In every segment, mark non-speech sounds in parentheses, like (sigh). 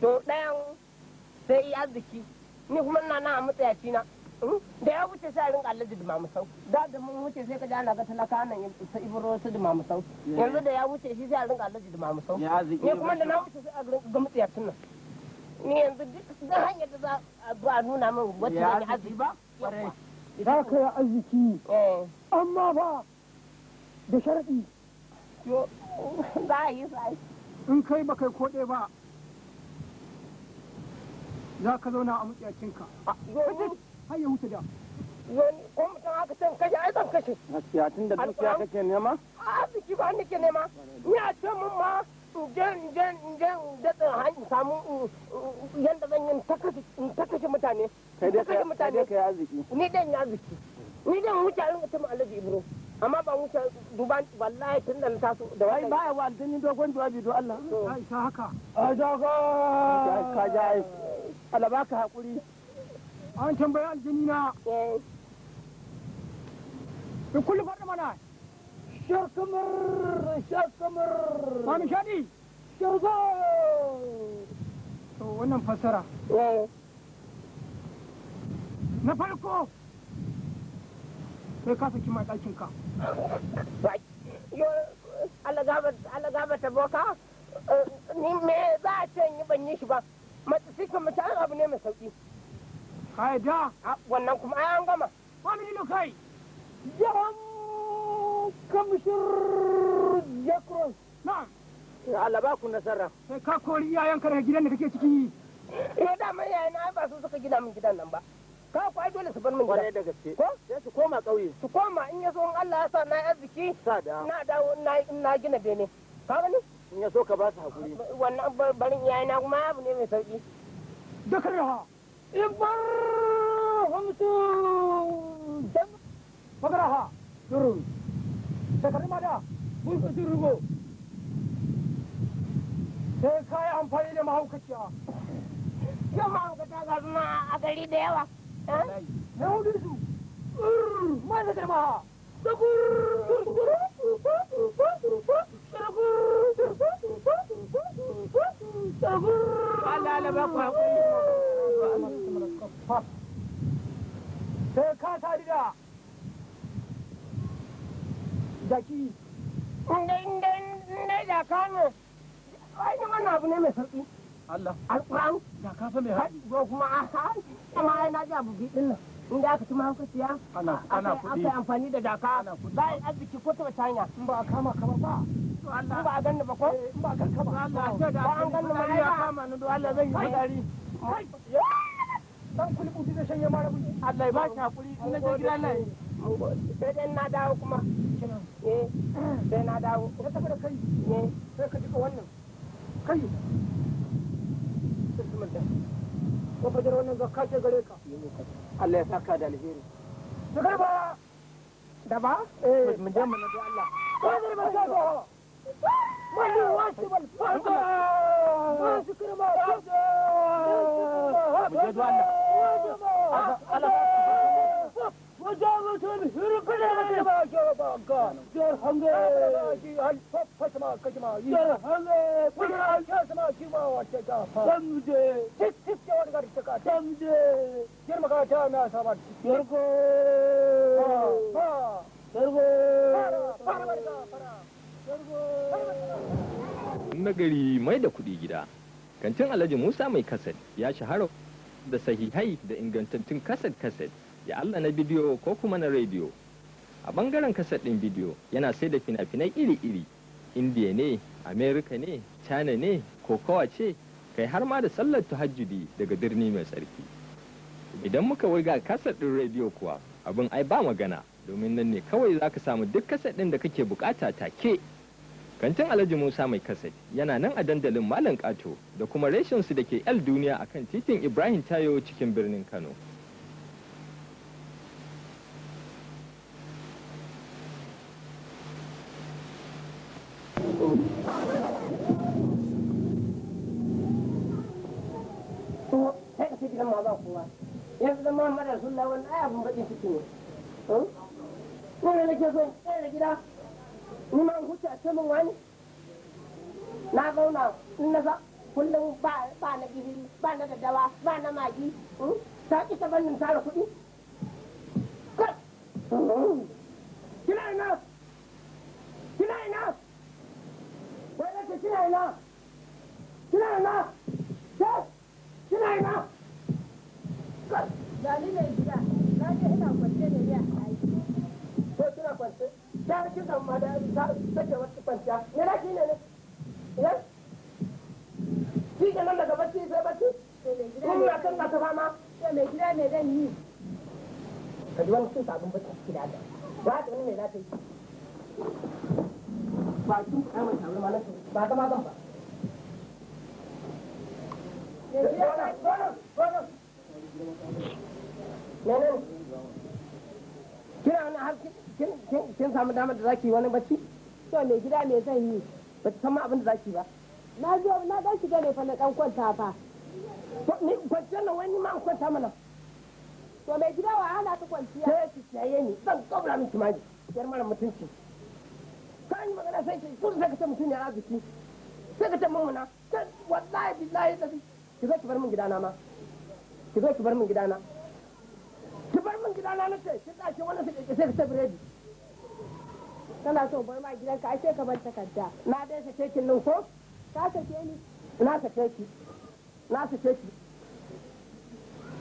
to ɗayan sai yi arziki ni kuma na na mutu matsayaci na hmm? da ya wuce sai rinka Allah da mamu sau da da mun wuce sai ka ji ana ga talaka nan ya sai ibro su da mamu sau yanzu da ya wuce shi sai rinka Allah da mamu sau ni kuma da na wuce sai a ga mutu matsayacin nan ni yanzu duk da hanyar da za a nuna min wacce ne arziki ba za ka yi arziki eh. amma ba da sharaɗi za a yi sai in kai ba kai koɗe ba za ka zauna a matsiyacinka har ya wuce da yanzu ko mutum haka can kashe ai zan kashe gaskiya tun da dukiya kake nema a biki ba nake nema ni a ce mun ma in je in je hanyar samu yadda zan yi in ta kashe mutane kai yi kai arziki ni dan ya arziki ni dan wuce a rinka tuma alhaji ibro amma ban wuce duban wallahi tun da na taso da wai baya wa aljini dogon jawabi do Allah ka isa haka a ja ka ja alaba ka haƙuri an tambayi aljini na in kullu faɗi mana sharkamar sharkamar ma nishaɗi sharzo to wannan fassara na farko sai ka saki mai ka. Allah gaba ta boka eh, ni me za a ce yi ban yi shi ba matsisikin mace an abu ne mai sauki. Kai da. Wannan kuma ai an gama. Wani ilo kai. Yawan kamshir jekron. Na'am. Allah ba ku nasara. Sai ka kori yayan kare gidan da kake ciki. Eh da mai yayan na ba su suka gina min gidan nan ba. Ka ku ai dole su bar min gidan. da gaske. Ko? Sai su koma ƙauye. Su koma in ya in Allah ya sa na yi arziki. Sa da. Na dawo na gina bene. Ka gani? in ya so ka ba su hakuri wannan barin iyayena kuma abu ne mai sauki da karyaha ibar hamsu magaraha durun shekarun mada mun kusi rugo sai ka yi amfani da mahaukaciya yau mahaukata ga zuma a gari da yawa eh? na hudu su mai da girma ha da kurkuru Allah ba ku haƙuri. Sai ka tari da Inda ne, wani abu ne mai mai haɗi. Ko kuma a haɗi, kuma na ji nan. inda aka ana kuɗi amfani da arziki ko ta hanya in ba a kama kama ba in ba a ganni ba ko in ba ganka ba an ganni ma ya ni do Allah zai yi dan da mara Allah ba ki hakuri in na je gida sai dai na dawo kuma eh sai na dawo ka tafi da kai eh. sai ka wannan kai ko fajar wannan zakka ce gare ka Allah ya saka da alheri garba da ba eh mun je mun Allah ko Yorgo! Yorgo! Para, para, para, para! Nagari mai da kuɗi gida. Kantin Alhaji Musa mai kaset ya shahara da sahihai da ingantattun kaset-kaset ya Allah na bidiyo ko kuma na rediyo. A bangaren kaset ɗin bidiyo yana sai da fina-finai iri-iri. Indiya ne, Amerika ne, China ne, kokawa ce, kai har ma da sallar tahajjudi daga birni mai tsarki. Idan muka wurga kaset ɗin rediyo kuwa abin ai ba magana domin nan ne kawai za ka samu duk kaset ɗin da kake bukata take. Kantin Alhaji Musa mai kasai yana nan a dandalin Malam Kato da kuma reshensu da ke El Duniya a kan titin Ibrahim Tayo cikin birnin Kano. Yanzu da ke wani ayabin so ɗaya da gida ni ma huce a saman wani na zauna in na za kullum ba na gihiri ba na daddawa ba na magi hmm? ta ki ta bannin tara kuɗi hmm. kina ina kina ina wai da ke kina ina kina ina ke kina ina gani mai gida na je ina kwance da ne a aiki kwance ta kisan ma da wasu kwanciya ne na shi ne ne shi ke nan daga bacci sai bacci kan kasa fama mai gida ne yi ka ji wani sabon bacci gida da ba ta wani mai ba su kuɗa mai ma na su ba zama zan ba Kira wani harki? kin samu damar da zaki wani bacci to mai gida me zan yi ba ta san abin da zaki ba na zo na dan shiga ne fa na dan kwanta fa ni kwanta na wani ma an kwanta mana to mai gida wa ana ta kwanciya sai ki tsaye ni zan kabra miki maji yar mara mutunci kan magana sai ki kun sai ka ta mutun ya arziki sai ka ta mamuna sai wallahi billahi da ki zo ki bar min gidana ma ki zo ki bar min gidana ki bar min gidana na ce ki dace wannan sai ka ta biredi tana so bar ma gidanka ashe ka bar takarda na dai sace ki nan ko ka sace ni na sace ki na sace ki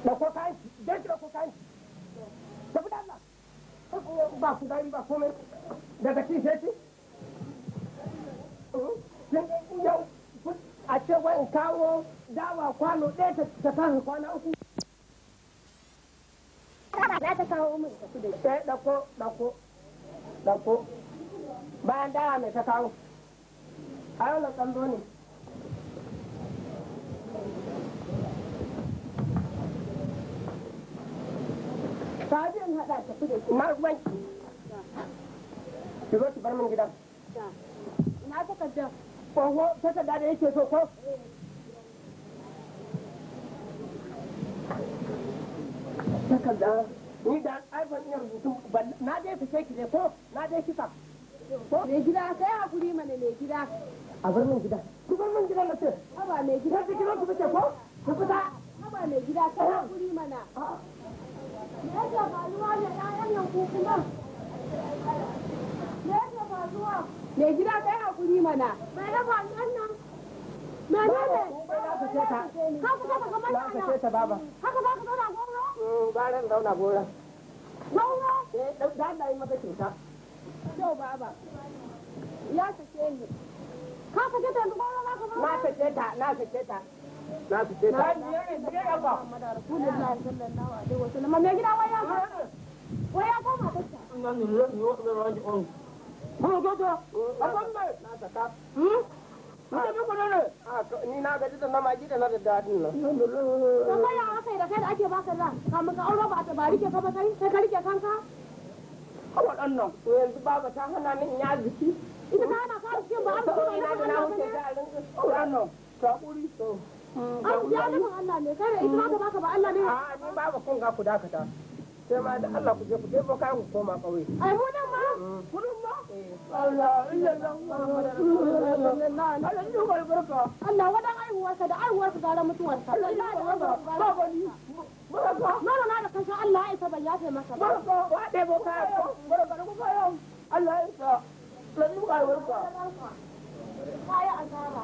da ko kan ki dai da ko kan ki da ko ba ku dai ba komai daga kin sai ki hmm? yau a ce in kawo dawa kwano ɗaya ta kawo kwana uku za ta kawo min ta ɗaya ɗako ɗako ɗako bayan dawa mai ta kawo a yau tsando ne hada ta fi da kuma ruwanki ki zo ki bar min gidan na ta takardar ta ta dada yake so ko ta takarda ni da iphone ina rubutu na dai fice ki ne ko na dai kisa Mai gida sai hakuri mana mai gida. A bar min gida. Ku bar min gida na ce. Haba mai gida. ku fice ko? Ku fita. Haba mai gida sai hakuri mana. Me yake faruwa nan ku kuma? Me yake faruwa? Mai gida sai hakuri mana. Me ne? Ka ku kamar nan. Ka ku baba. Haka ba zauna goro? Mm, ba ran zauna goro. Goro? Eh, dan da yi cuta. Yau baba. Ya sake ni. Ka sake ta yanzu gwamna za ka Na sake ta, na sake ta. Na sake ta. Na sake ta. Na sake ta. Na sake ta. Na sake ta. Na sake ta. Wai ya koma ta ta. ne ne ne wata zai ranji on. Kuma gata. ka san me. Na saka. Hmm? ta? ne kuma ne. Ni na gaji da na magi da na da dadin nan. Kan kai ya haka da kai da ake baka la. Kamun ka aure ba a tabari ke ka ba kai sai ka rike kanka. a waɗannan ko yanzu baba ta hana min ya jiki ita ta hana kawo cikin ba an kuma na hana min ya ta kakuri to ya nufin Allah ne kai ita ba ka baka ba Allah ne a ni baba kun ga ku dakata sai ma da Allah ku je ku taimaka kayan ku koma kauye. Ai mu nan ma? Mm. ma? Eh. Allah in Allah Allah wadan da gara mutuwarsa. Allah ba Nono na da Allah ya isa masa ba. Wa ɗaya kayan. da Allah ya isa. Kaya asara.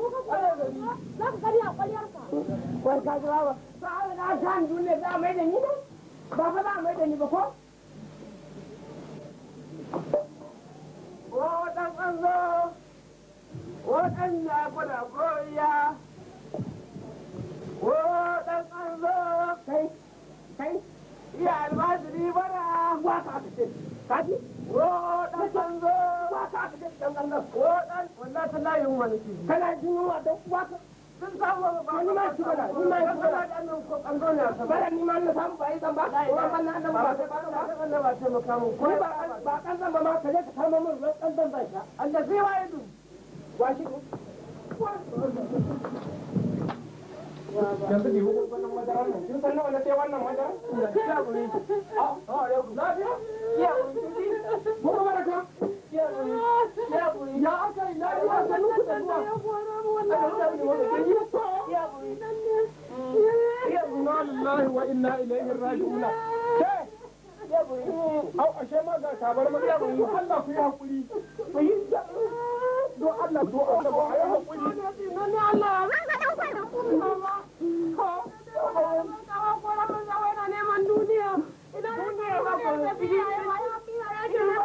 Wai ka ji ba ba na shan duniya za mai da ni ne? Ba fa za mai da ni ba ko? Wa dan an wa ɗan ya kuna goya? wa dan an Kai, kai. Iya almajiri bana. Wa ka ce, ka ji? Wa dan an haka kana jin yunwa dan uwa ka sun samu ba ni ma shi ya a a yau ya الله وإنا إليه الراجعون أو أشياء ما قال كابر ما قال الله في هقولي فيجا دو الله دو الله يا هقولي من الله Thank you.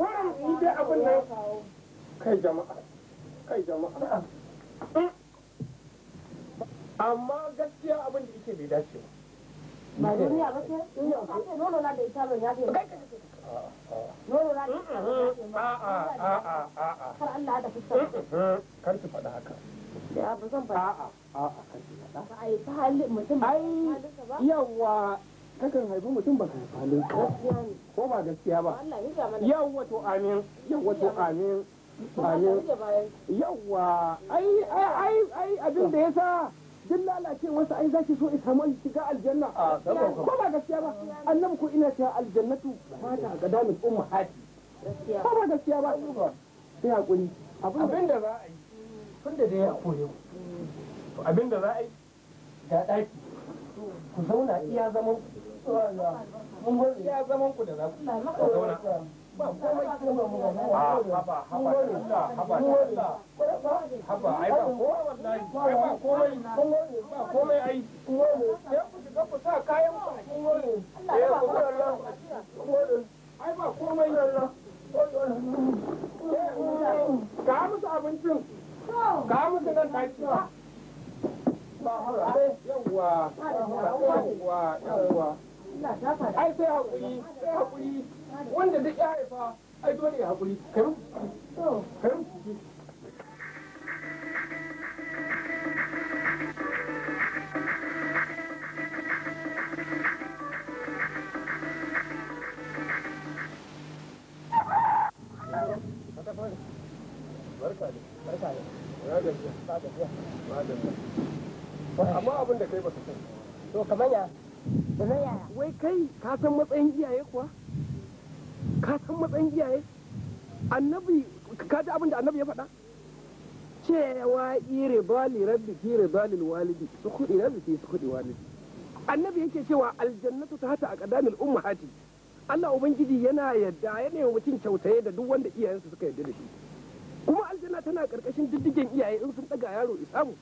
kwanan yi abin nan kai jama'a kai jama'a amma gaskiya abin da yake bai dace ba ba duniya ba ce nono na da ita nono na da ita a a a a Allah da kar ki faɗa haka zan faɗa a a a kar ki faɗa ai ta halin mutum ai yawa kakan haifi mutum ba ne ko ba gaskiya ba yawwa to amin yawwa to amin amin yawwa ai ai ai abin da yasa lalace wasu ai zaki so isa mai shiga aljanna ko ba gaskiya ba annabi ko ina cewa aljannatu ba ta ga damin umma hati ko ba gaskiya ba sai hakuri abin da za a yi tun da dai ya koyo mm. to abin da za a yi ga daki ku zauna iya zaman ku mun ya zaman ku da za ba haba ba ku sa kayan ba abincin ba ai sai haƙuri sai haƙuri wanda duk ya haifa ai dole ya amma abin da kai ba su to kai ka san matsayin iyaye kuwa ka san matsayin iyaye annabi ka ji abin da annabi ya faɗa cewa iri bali rabbi fi ribalil walidi su kudi rabbi fi su kudi walidi annabi yake cewa aljannatu ta hata a qadamil ummahati Allah ubangiji yana yadda yana yawan mutum kyautaye da duk wanda iyayensu suka yadda da shi kuma aljanna tana karkashin diddigen iyaye in sun daga yaro isamu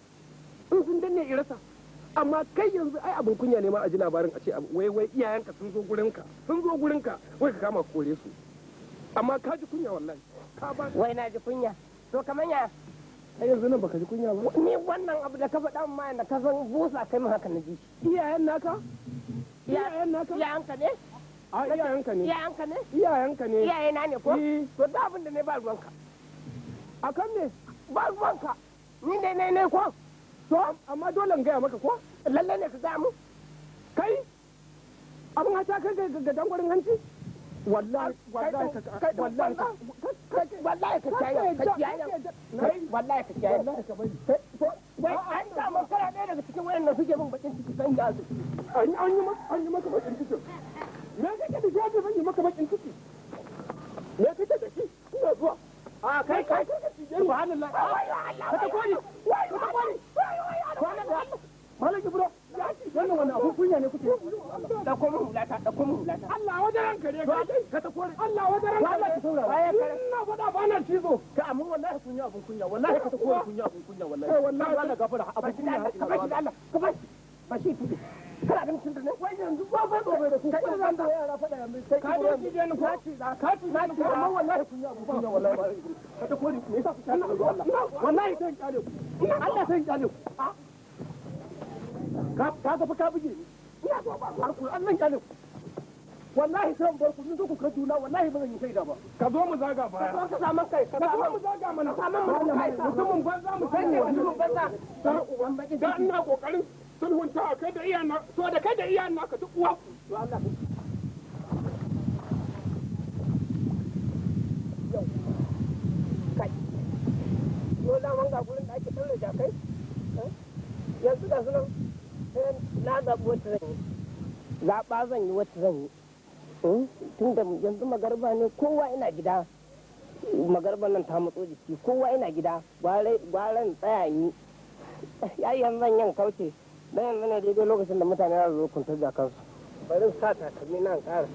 in sun danne irasa amma kai yanzu ai abin kunya ne ma a ji labarin a ce wai wai iyayenka sun zo gurinka sun zo gurinka wai ka kama kore su amma ka ji kunya wallahi ka ba wai na ji kunya to kaman ya ai yanzu nan baka ji kunya ba ni wannan abu da ka faɗa ma yanda ka san busa kai mun haka na ji iyayen naka iyayen naka iyayen ka ne a ah, iyayen ka ne iyayen ka ne iyayen ka ne iyayen na ne ko eh. to da abin da ne ba ruwanka akan ne ba ruwanka ni ne ne ne ko to amma dole in gaya maka ko lalle ne ka gaya mu kai abin hata kai ga ga dangwarin hanci wallahi wallahi ka wallahi ka wallahi ka kiyaye ka kiyaye kai wallahi ka kiyaye wallahi ka bari wai an ta mun kana ɗaya daga cikin wayannan suke bin bakin ciki san ya su an an yi maka an yi maka bakin ciki me kake da jaje ban yi maka bakin ciki me kake da shi ina zuwa a kai kai subhanallah ka ta kodi naci da kaci naci amma wallahi kun ya kun ya sai bar ku zo ka juna wallahi ba zan yi shaida ba ka zo mu zaga baya ka zo samu kai ka zo mu zaga mana samu mu kai mutumin banza mu kai ne mutumin banza dar uban baki da ina kokarin sulhunta kai da iyana so da kai da iyana ka duk uwa to Allah duk da na zaɓi wata zan yi zaɓa zan yi wata zan yi tun da yanzu magarba ne kowa ina gida magarban nan ta matso jiki kowa ina gida gwaran tsaya yi ya yi yanzu yan kauce don yanzu ne daidai lokacin da mutane za su zo kuntar da kansu bari sa takalmi nan ƙara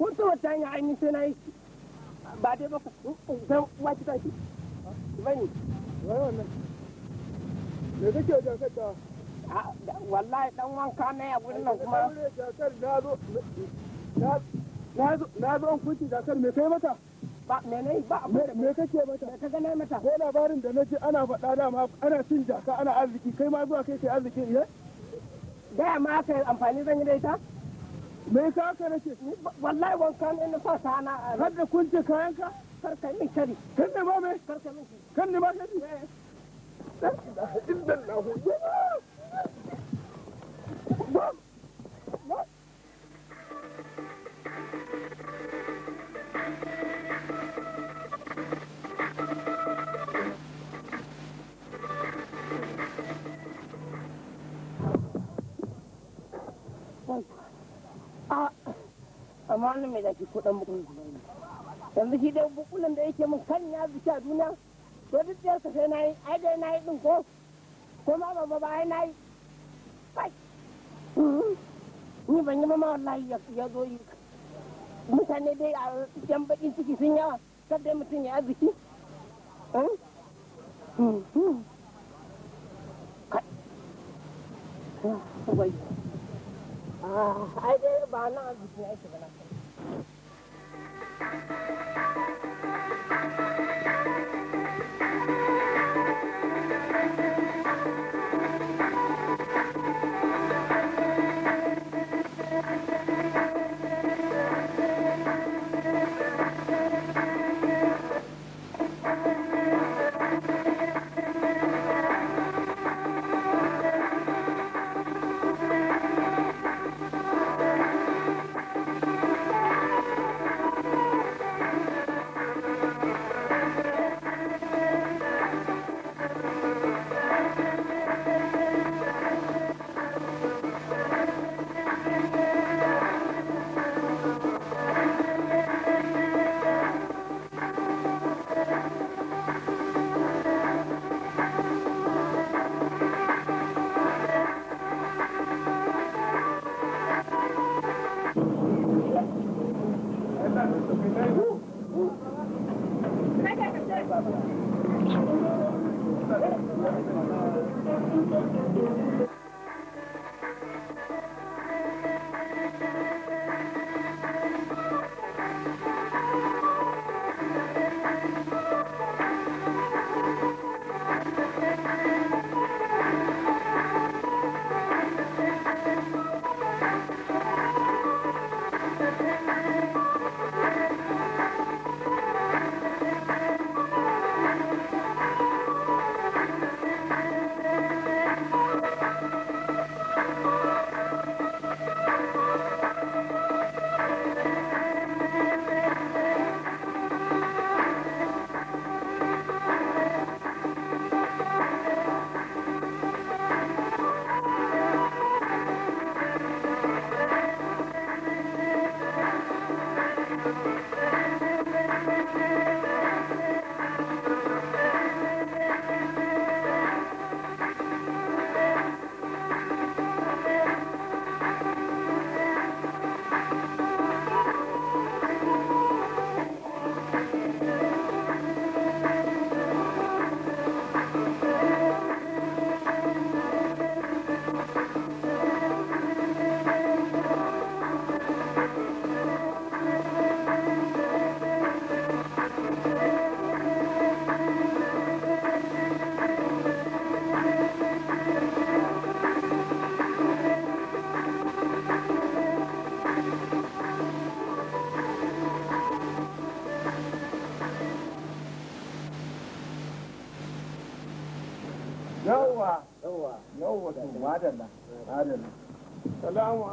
ko ta wata hanya an yi sai na yi ba dai ba ku zan wace ta shi bane wai wannan me kake da kanta wallahi dan wanka ne a wurin nan kuma na zo kunci jakar me kai mata ba me ne ba me kake mata me kaga na mata ko labarin da naji ana faɗa da ma ana cin jaka ana arziki kai ma zuwa kai kai arziki ne Gaya ma kai amfani zan yi da ita me ka ka nake wallahi ban kan ina sa ta na har da kun ce kayan ka kar ka min kari kan ne ba me kar ka min kan ne ba kari dan inda lahu ba ba Thank you. amma wannan mai zafi ko dan bukulun kuma ne yanzu shi dai bukulun da yake mun kan ya zuci a duniya to duk da sai na yi ai dai na yi din ko ko ma ba ba ai na yi ni ban yi ma wallahi ya zo yi mutane dai a yan bakin ciki sun yawa dai mutum ya arziki eh? hmm, hmm. Ah, ah, ai dai ba na arziki ake ba na Thank you.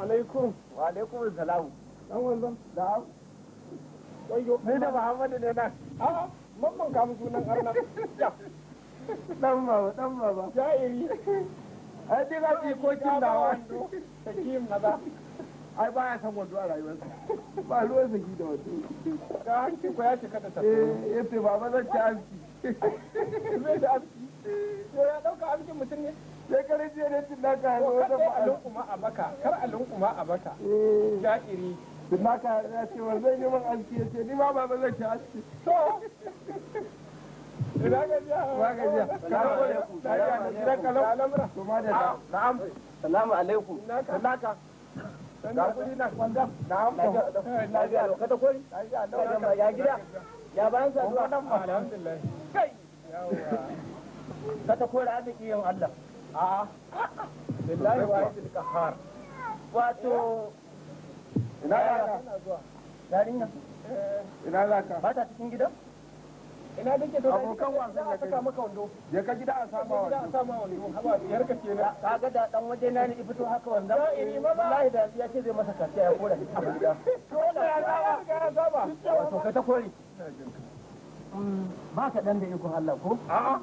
alaikum wa alaikum salamu dan wanzan da wayo ni da muhammadu ne nan a mamman kamun sunan arna (laughs) dan baba dan baba jairi ai dai za ki ko kin da wando sakim na ba ai baya san wando a rayuwarsa ba ruwan zaki da wato da hanki ko ya cika kada ta eh yace baba zan ci aski (laughs) zai da aski ya dauka naka har wata ba alƙuma a baka kar a baka ja'iri ya ce yi aski ya ce ni ma ba ki aski to ina ga jiya ga jiya na'am salamu alaikum kuri na ya gida ya bayan sa zuwa alhamdulillah kai arziki yin Allah wato ina ya ina za ka cikin ina dake to abokan wasan ya saka maka wando ya ka gida a sama wando a sama wando haba yarka ke na kaga da dan waje na fito haka wanda eh wallahi da ya ce zai masa kace ya kora a gida ya saba ya saba to ka ta kore ba ka dan da iko Allah ko a'a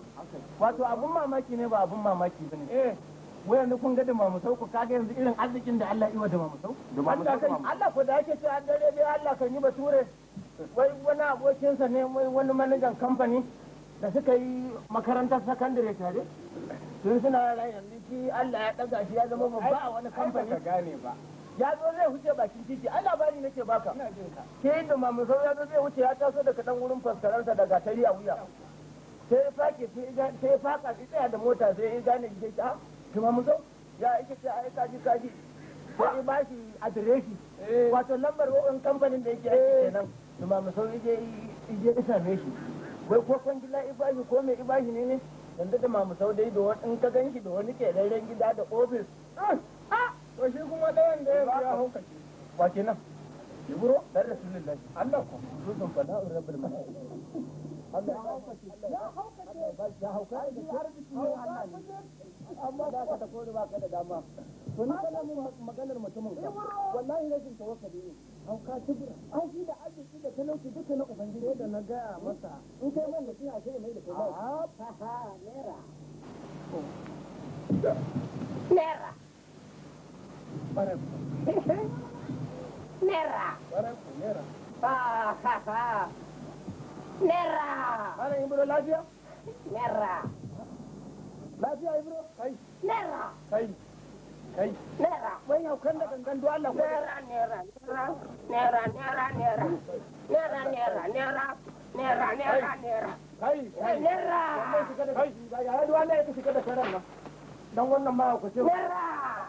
wato abun mamaki ne ba abun mamaki bane eh wayan kun ga da mamu ku kaga yanzu irin arzikin da Allah iwa da mamu Da Allah kai Allah ko da yake ce an dare bi Allah kan yi bature wai wani abokinsa ne wai wani manajan kamfani da suka yi makarantar secondary tare Sun suna rayuwa yanzu Allah ya daga shi ya zama babba a wani kamfani ka gane ba ya zo zai wuce bakin titi ai labari nake baka ke yadda mamusau ya zo zai wuce ya taso daga dan wurin fasararsa daga tari a wuya sai ya fake sai ya faka sai tsaya da mota sai ya gane ya ce ah ki mamusau ya ake ce ai kaji kaji sai ya ba shi adireshi eh. wato lambar wawan kamfanin da yake aiki eh. kenan da mamusau ya je ya same shi wai ko kwangila ibashi ko mai ibashi ne ne yanzu da mamusau dai da wani in ka gan shi da wani ke gida da ofis to shi kuma ɗayan da ya wa kenan Allah zuzun rabbul ya ya da da ka ba ka da dama to ni maganar mutumin ka wallahi rashin tawakkali ne hauka tubura an shi da arziki da talauci duka na ubangiji da na gaya masa in kai man da shi a sai mai da kai naira Nerra. Nerra. Nerra. Ana Ibro lafiya? Nerra. Lafiya Ibro? Kai. Nerra. Kai. Kai. Nerra. Wai haukan da gangan do Allah ko. Nerra, nerra, nerra. Nerra, nerra, nerra. Nerra, nerra, nerra. Nerra, nerra, nerra. Kai. Kai. Nerra. Kai. Ya ya do Allah ya shiga da sharan nan. Dan wannan ma ku ce. Nerra.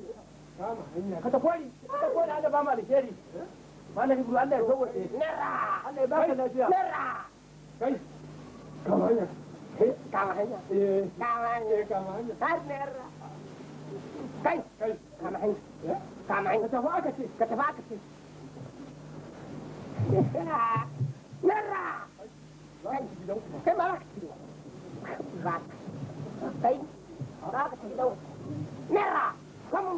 ka ta kwari ka ta kwari Allah ba mu alheri malam ibnu Allah ya sauwace nara Allah ya baka lafiya nara kai kama hanya kama hanya eh. kama hanya eh, kama hanya har nara kai kai kama hanya eh? kama hanya ka ce ka ce nara kai ba ba ka ci gidan nara kamun